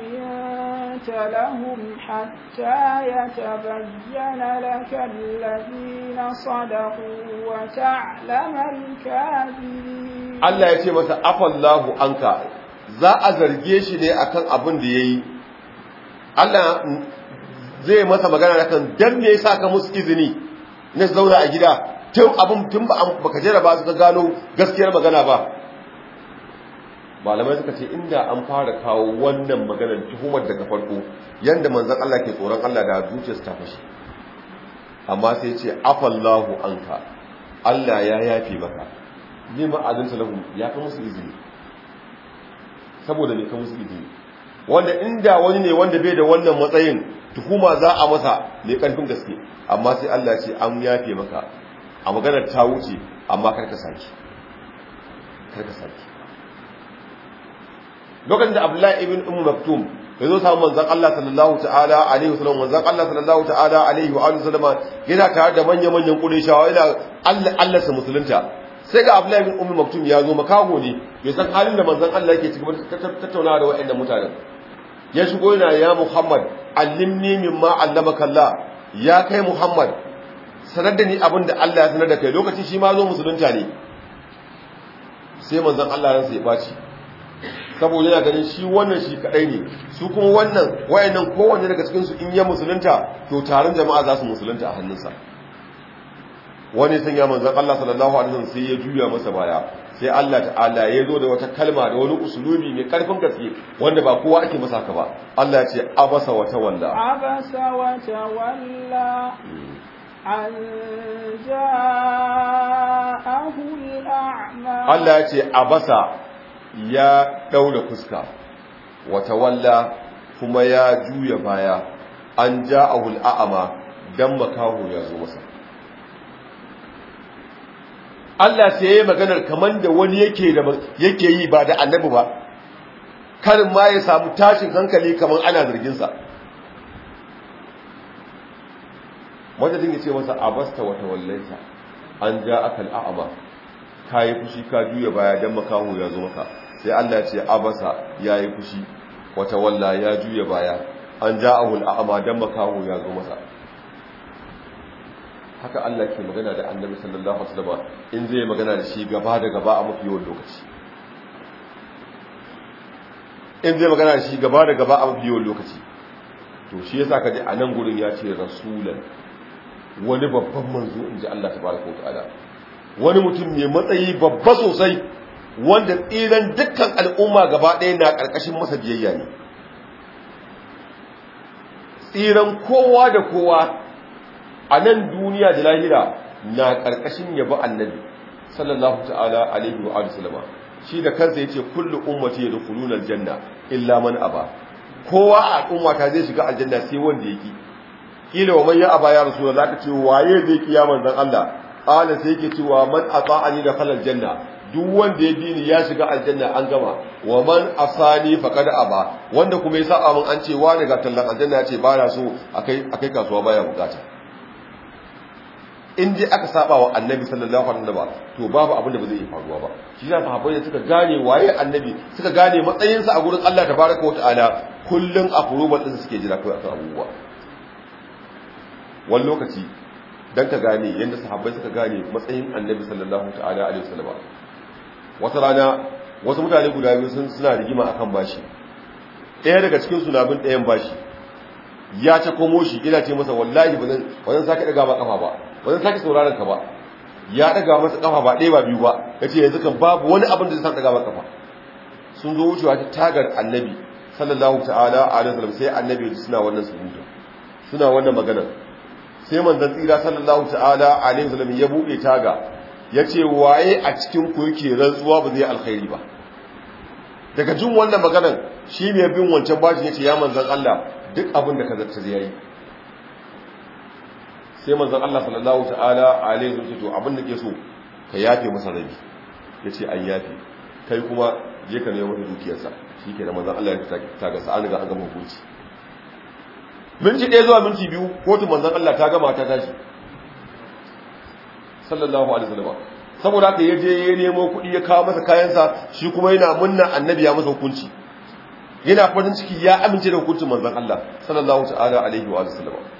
أذنت لهم حتى يتبين لك الذين صدقوا وتعلم الكاذبين Allah ya ce masa الله anka. za a zarge shi ne akan abin da yayi Allah zai masa magana akan dan me yasa ka musu izini na zauna a gida tun abin tun ba baka jira ba ka gano gaskiyar magana ba malamai suka ce inda an fara kawo wannan maganar tuhumar daga farko yanda manzon Allah ke tsoron Allah da zuciyarsa ta fashi amma sai ce afallahu anka Allah ya yafe maka lima azinta lahum ya ka musu izini saboda mai musu musulmi wanda inda wani ne wanda bai da wannan matsayin tuhuma za a masa ne karfin gaske amma sai Allah ce an yafe maka a maganar ta wuce amma karka saki karka saki lokacin da Abdullahi ibn Umm Maktum ya zo samu manzon Allah sallallahu ta'ala alaihi wasallam manzon Allah sallallahu ta'ala alaihi wa alihi yana tare da manyan manyan shawa yana Allah Allah sa musulunta sai ga Abdullahi bin Ummu Maktum ya zo makaho ne mai san halin da manzon Allah yake cikin tattaunawa da waɗannan mutanen ya shigo yana ya Muhammad allimni mimma allamaka Allah ya kai Muhammad sanar da ni abin da Allah ya sanar da kai lokacin shi ma zo musulunta ne sai manzon Allah ya ya baci saboda yana ganin shi wannan shi kadai ne su kuma wannan wayannan kowanne daga cikin su in ya musulunta to tarin jama'a za su musulunta a hannunsa wani sun ya manzan Allah sallallahu alaihi wasu sai ya juya masa baya sai Allah ta'ala ya zo da wata kalma da wani usulubi mai karfin gaske wanda ba kowa ake masa haka ba Allah ya ce abasa wata tawalla abasa wata wanda hmm. an a Allah ya ce abasa ya daura fuska wata wanda kuma ya juya baya an ja a al'ama dan makaho ya zo masa Allah sai ya yi maganar kamar da wani yake yi ba da annabi ba karin ma ya samu tashin hankali kamar ana zarginsa madadin ya ce masa abasta wata wallaita an ja aka al'a'ama ka yi fushi ka juya baya don makamu ya zo maka sai Allah ce abasa ya yi fushi wata walla ya juya baya an ja ahul a'ama don makamu ya zo masa haka Allah ke magana da annabi sallallahu alaihi wasallam in zai magana da shi gaba da gaba a mafi yawan lokaci in zai magana da shi gaba da gaba a mafi yawan lokaci to shi yasa kaje a nan gurin ya ce rasulan wani babban manzo in ji Allah tabaraka wa ta'ala wani mutum mai matsayi babba sosai wanda tsiran dukkan al'umma gaba ɗaya na ƙarƙashin masa biyayya ne tsiran kowa da kowa a nan duniya da lahira na karkashin yabo annabi sallallahu ta'ala alaihi wa sallama shi da kansa yace kullu ummati yadkhuluna janna illa man aba kowa a al'umma ta zai shiga aljanna sai wanda yake kila wa man ya aba ya rasulullah zaka ce waye zai kiyaman dan Allah qala sai yake cewa man ata'ani da khalal janna duk wanda ya bi ya shiga aljanna an gama wa man asani faqad aba wanda kuma yasa amin an ce wa daga tallan aljanna ya ce ba na so akai akai kasuwa baya bukata in dai aka saba wa annabi sallallahu alaihi wasallam to babu abin da ba zai faruwa ba shi ya sahabbai suka gane waye annabi suka gane matsayinsa a gurin Allah tabaraka wataala kullun approval din suke jira kai akan abubuwa wani lokaci dan ka gane yanda sahabbai suka gane matsayin annabi sallallahu ta'ala alaihi wasallam wata rana wasu mutane guda biyu sun suna rigima akan bashi ɗaya daga cikin su na bin ɗayan bashi ya ta komo shi ina ce masa wallahi ba zan sake ɗaga ba kafa ba ba zan sake sauraron ka ba ya daga masa kafa ba ɗaya ba biyu ba Ya ce yanzu kan babu wani abin da zai sa daga masa kafa sun zo wucewa ta tagar annabi sallallahu ta'ala alaihi wasallam sai annabi ya suna wannan surutu suna wannan magana sai manzon tsira sallallahu ta'ala alaihi wasallam ya buɗe taga Ya ce waye a cikin ku yake rantsuwa ba zai alkhairi ba daga jin wannan maganar shi ne bin wancan bashi ce ya manzon Allah duk abin da ka zarta zai yi sai manzan Allah sallallahu ta'ala alaihi wasallam to abin da ke so ka yafe masa rabi yace an yafe kai kuma je ka nemo dukiyarsa Shi ke da manzan Allah ya ta ga sa'an ga an gama hukunci minti ɗaya zuwa minti biyu kotun manzan Allah ta gama ta tashi sallallahu alaihi wasallam saboda haka yaje ya nemo kuɗi ya kawo masa kayansa shi kuma yana munna annabi ya masa hukunci yana farin ciki ya amince da hukuncin manzan Allah sallallahu ta'ala alaihi wa sallam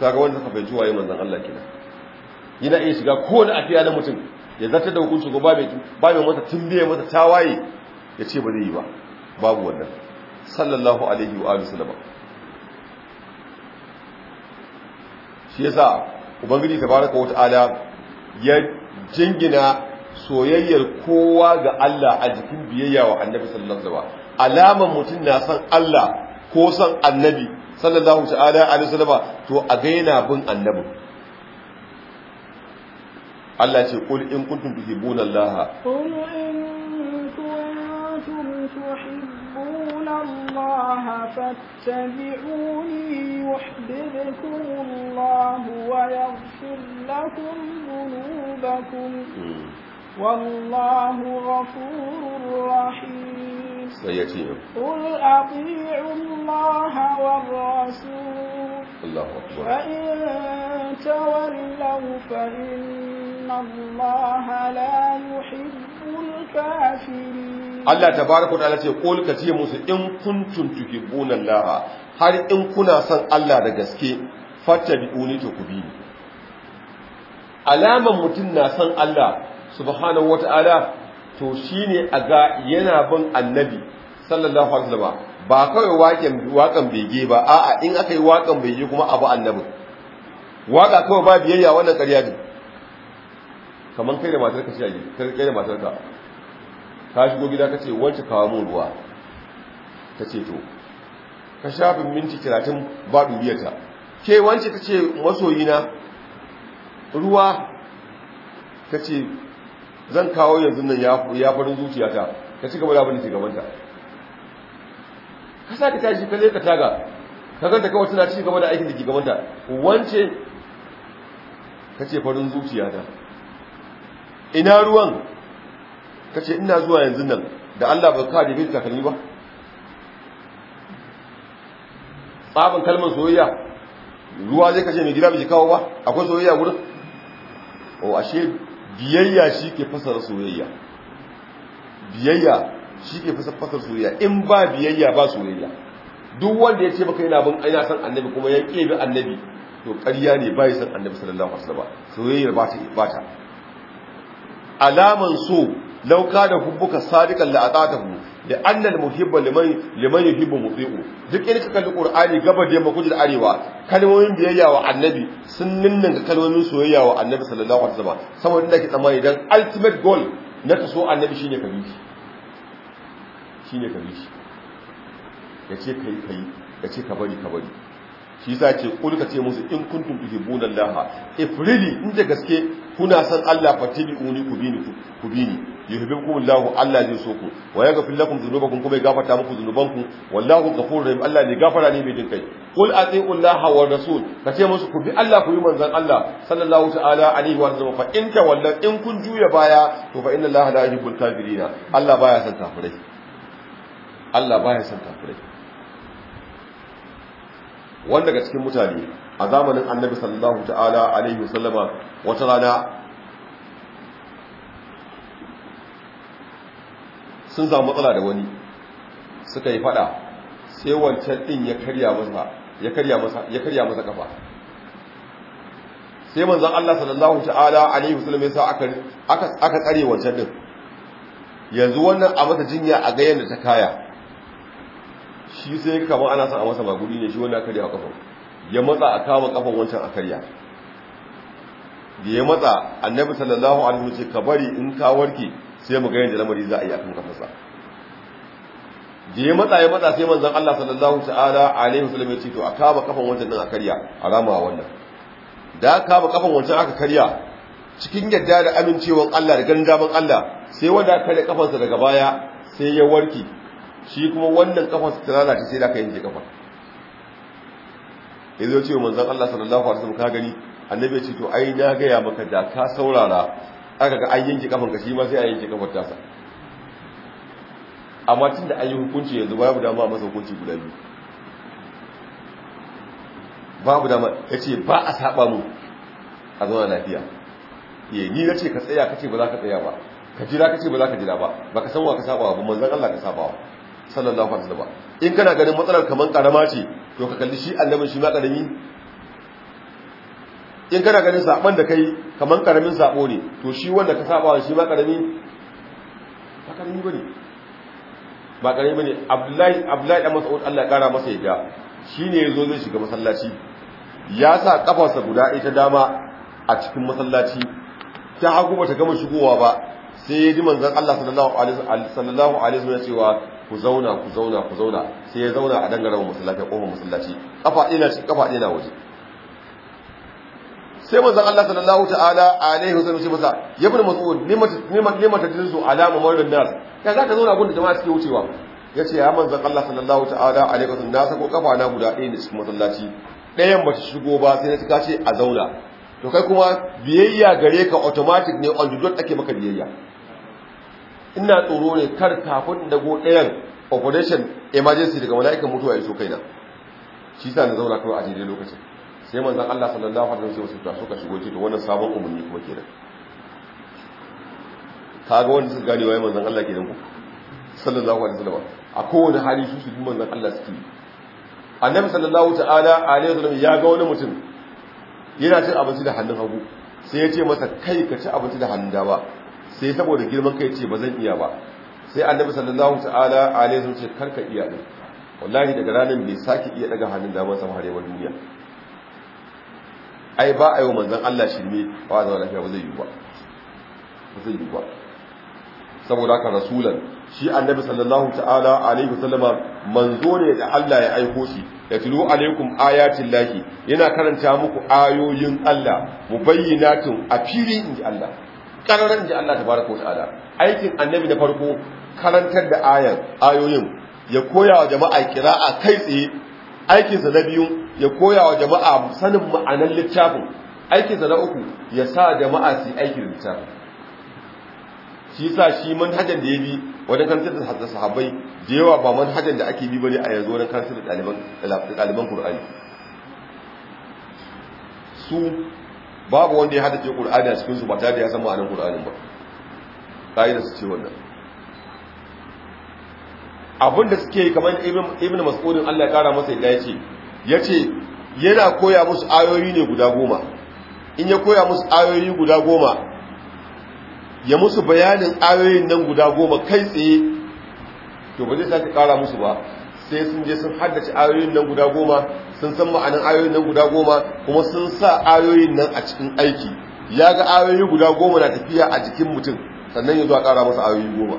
kaga wanda suka fahimci waye manzon Allah kina yana iya shiga ko da afiya da mutum ya zata da hukunci ko ba mai ba mai mata tawaye ya ce ba zai yi ba babu wannan sallallahu alaihi wa alihi wasallam shi yasa ubangiji tabaraka wa ta'ala ya jingina soyayyar kowa ga Allah a jikin biyayya wa annabi sallallahu alaihi wasallam alaman mutum na san Allah ko san annabi sallallahu ta'ala alaihi wasallam to a gaina yana bin annabi Allah ce qul in kuntum tuhibbuna Allah qul in kuntum tuhibbuna Allah fattabi'uni yuhibbukum wa yaghfir lakum dhunubakum والله غفور رحيم sai ya ce qul ati'u Allah wa rasul Allahu wa Allah ta bari kafirin ce qul ka ce musu in tuntuki bunan Allah har in kuna son Allah da gaske fata to ku bi ni alaman mutum na son Allah subhanahu wata'ala to shi ne a ga yana bin annabi sallallahu alaihi wasallam ba kawai waƙan bege ba a'a in aka yi waƙan bege kuma abu annabin waƙa kawai ba biyayya wannan ƙarya din kamar kai da matarka shi a kai da matarka ka shigo gida ka ce wacce kawo mun ruwa ta ce to ka shafin minti talatin ba dubiyarta ke wance ka ce masoyina ruwa ka ce zan kawo yanzu nan ya farin ta, ka ci gaba da abin da ke gabanta ka sa ka tashi ka leka taga ka ganta kawai tana ci gaba da aikin da ke gabanta wance ka ce farin ta. ina ruwan ka ce ina zuwa yanzu nan da Allah ba ka da bai takalmi ba tsabin kalmar soyayya ruwa zai kashe mai gida bai kawo ba akwai soyayya wurin o oh, ashe biyayya shi ke fasar soyayya biyayya shi ke fasar soyayya in ba biyayya ba soyayya duk wanda ya ce baka yana bin aina san annabi kuma ya kebe annabi to ƙarya ne ba ya san annabi sallallahu alaihi wasallam soyayyar ba ta ba ta alaman so lauka da hubbuka sadiqan la da annal muhibba liman liman yuhibbu muti'u duk irin ka kalli qur'ani gaba da yamma arewa kalmomin biyayya wa annabi sun ninnan ka kalmomin soyayya wa annabi sallallahu alaihi wasallam saboda inda ke tsammani dan ultimate goal na kaso annabi shine kabi shi shine ka shi yace kai kai yace ka bari ka bari shi yasa ce kullu ka ce musu in kuntum tuhibbunallaha if really in gaske kuna san Allah fatibi'uni ku bini ku bini yuhibbukum Allah Allah zai so ku wa yaghfir lakum dhunubakum kuma ya gafarta muku dhunubanku wallahu ghafurur rahim Allah ne gafara ne mai jin kai qul atiiu Allah wa rasul ce musu ku bi Allah ku yi manzon Allah sallallahu ta'ala alaihi wa sallam fa in tawalla in kun juya baya to fa inna Allah la yuhibbul kafirin Allah baya son kafirai Allah baya son kafirai wanda ga cikin mutane a zamanin Annabi sallallahu ta'ala alaihi wa sallama wata rana sun samu matsala da wani suka yi fada sai wancan din ya karya masa ya karya masa ya karya masa kafa sai manzon Allah sallallahu ta'ala alaihi wasallam ya sa aka aka tsare wancan din yanzu wannan a masa jinya a ga yanda ta kaya shi sai kaman ana son a masa maguri ne shi wannan karya kafa ya matsa a kama kafan wancan a karya da ya matsa annabi sallallahu alaihi wasallam ce ka bari in ka warke sai mu ga yadda lamari za a yi akan kafarsa da ya matsa ya matsa sai manzon Allah sallallahu ta'ala alaihi wasallam ya ce to a kaba kafan wancan nan a karya a wannan da kaba kafan wancan aka karya cikin yadda da amincewan Allah da ganin daman Allah sai wanda kare kafansa daga baya sai ya warke shi kuma wannan kafansa ta lalace sai da ka yanke kafa yazo ce manzon Allah sallallahu alaihi wasallam ka gani annabi ya ce to ai na ga ya maka da ka saurara aka ga ayyin yanke kafan ka shi ma sai a yanke kafar tasa amma tun da ayyin hukunci yanzu babu dama a masa hukunci guda biyu babu dama ya ce ba a saba mu a zauna lafiya ye eh, ni na ce ka tsaya ka ce ba za ka tsaya ba ka jira ka ce ba za ka jira ba ba ka san wa ka saba ba manzan Allah ka saba ba sallallahu alaihi wasallam in kana ganin matsalar kaman karama ce to ka kalli shi annabin shi ma karami in kana ganin saban da kai kaman karamin sabo ne to shi wanda ka saba wa shi ma karami ba karami bane ba karami bane abdullahi abdullahi dan masaud Allah ya kara masa yadda shine yazo zai shiga masallaci ya sa kafarsa guda ita dama a cikin masallaci ta hagu bata gama shigowa ba sai ya ji manzon Allah sallallahu alaihi sallallahu alaihi wasallam cewa ku zauna ku zauna ku zauna sai ya zauna a dangaren masallaci kofar masallaci kafa ina kafa ina waje sai manzon Allah sallallahu ta'ala alaihi wasallam ce masa ibn mas'ud limata limata tinsu alama mawridin nas ya zaka zauna gun da jama'a suke wucewa yace ya manzon Allah sallallahu ta'ala alaihi wasallam na sako kafa na guda ɗaya ne cikin masallaci ɗayan ba shigo ba sai na ta ce a zauna to kai kuma biyayya gare ka automatic ne on the dot ake maka biyayya ina tsoro ne kar kafin dago ɗayan operation emergency daga mala'ikan mutuwa ya so kaina shi sa na zauna kawai a daidai lokacin sai manzan Allah sallallahu alaihi wasallam suka shigo cikin wannan sabon umarni kuma kenan ga wanda suka gane wai manzan Allah kenan ku sallallahu alaihi wasallam a kowane hali su su bi manzon Allah suke annabi sallallahu ta'ala alaihi wasallam ya ga wani mutum yana cin abinci da hannun hagu sai ya ce masa kai ka ci abinci da hannun dama sai saboda girman kai ce ba zan iya ba sai annabi sallallahu ta'ala alaihi wasallam ce karka iya din wallahi daga ranar bai sake iya daga hannun daman sama har yawan duniya ai ba a yi wa manzan Allah shirme ba a zama lafiya ba zai yi ba ba zai yi ba saboda haka rasulan shi annabi sallallahu ta'ala alaihi wasallama manzo ne da Allah ya aiko shi ya tulu alaikum ayatin lahi yana karanta muku ayoyin Allah mubayyinatin a fili inji Allah kararan inji Allah tabaraka wa ta'ala aikin annabi na farko karantar da ayan ayoyin ya koya wa jama'a kira'a kai tsaye aikinsa na biyu ya koya wa jama'a sanin ma'anar littafin aikinsa na uku ya sa jama'a su yi aikin littafin shi sa shi manhajar da ya bi wajen karantar da sahabbai da yawa ba manhajar da ake bi bane a yanzu wajen karantar da ɗaliban Kur'ani. su babu wanda ya ce Kur'ani a cikinsu ba tare da ya san ma'anar Kur'anin ba ƙa'ida su ce wannan abin da suke kamar ibn mas'udin Allah ya kara masa ya ce ya ce yana koya musu ayoyi ne guda goma in ya koya musu ayoyi guda goma ya musu bayanin ayoyin nan guda goma kai tsaye to ba zai sake kara musu ba sai sun je sun haddace ayoyin nan guda goma sun san ma'anin ayoyin nan guda goma kuma sun sa ayoyin nan a cikin aiki ya ga ayoyi guda goma na tafiya a jikin mutum sannan ya zo a kara masa ayoyi goma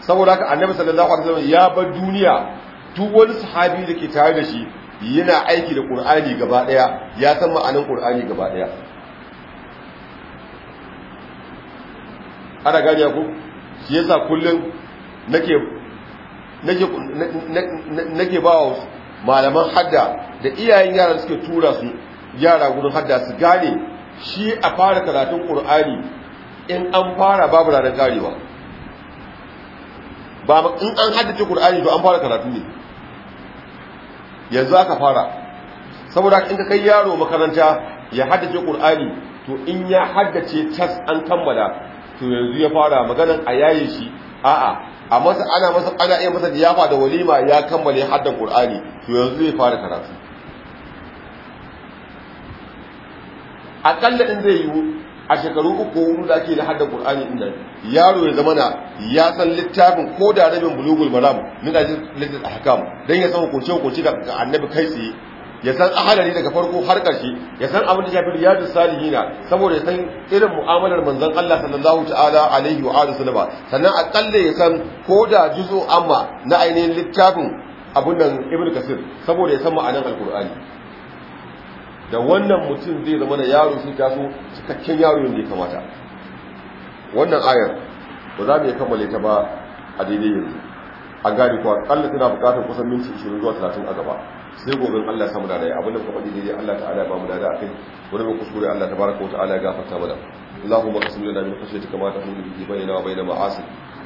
saboda haka annabi sallallahu alaihi wasallam ya bar duniya duk wani sahabi da ke tare da shi yana aiki da ƙur'ani gaba ɗaya ya san ma'anin ƙur'ani gaba ɗaya ana gani ku shi yasa kullum nake ba wa malaman hadda da iyayen yara suke tura su yara gudun hadda su gane shi a fara karatun ƙur'ani in an fara babu ranar karewa ba in an haddace ƙur'ani to an fara karatu ne yanzu aka fara saboda in ka kai yaro makaranta ya haddace qur'ani to in ya haddace tas an kammala to yanzu ya fara maganan a shi a'a a masa ana masa ana iya masa diyafa da walima ya kammale hadda qur'ani to yanzu zai fara karatu akalla in zai yiwu a shekaru uku hudu da ake na hadda qur'ani din yaro ya zama na ya san littafin ko da rabin bulugul maram mina jin littafin ahkam dan ya san hukunce hukunce da annabi kai tsaye ya san ahalari daga farko har karshe ya san abin da shafi riyadus salihina saboda ya san irin mu'amalar manzon Allah sallallahu ta'ala alaihi wa alihi sannan akalla ya san ko da juzu amma na ainihin littafin abun nan ibnu kasir saboda ya san ma'anar alqur'ani da wannan mutum zai zama da yaro shi taso cikakken yaro yadda ya kamata wannan ayar ba za mu iya kammale ta ba a daidai yanzu a gari kuwa Allah tana bukatar kusan minti 20 zuwa 30 a gaba sai gobe Allah samu da daya abinda kuma daidai Allah ta'ala ba mu a akai wani mai kuskure Allah baraka wa ta'ala ya gafarta mana Allahumma qsim lana min khashyatika ma tahulu bihi bainana wa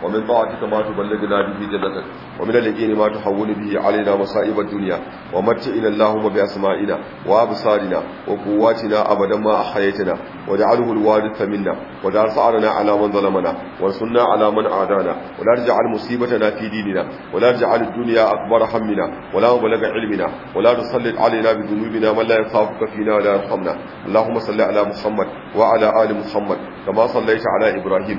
ومن طاعتك ما تبلغنا به جنتك ومن اليقين ما تحول به علينا مصائب الدنيا ومتعنا اللهم بأسمائنا وأبصارنا وقواتنا أبدا ما أحييتنا واجعله الوارث منا واجعل ثأرنا على من ظلمنا وانصرنا على من عادانا ولا تجعل مصيبتنا في ديننا ولا تجعل الدنيا أكبر همنا ولا مبلغ علمنا ولا تسلط علينا بذنوبنا من لا يخافك فينا ولا يرحمنا اللهم صل على محمد وعلى آل محمد كما صليت على إبراهيم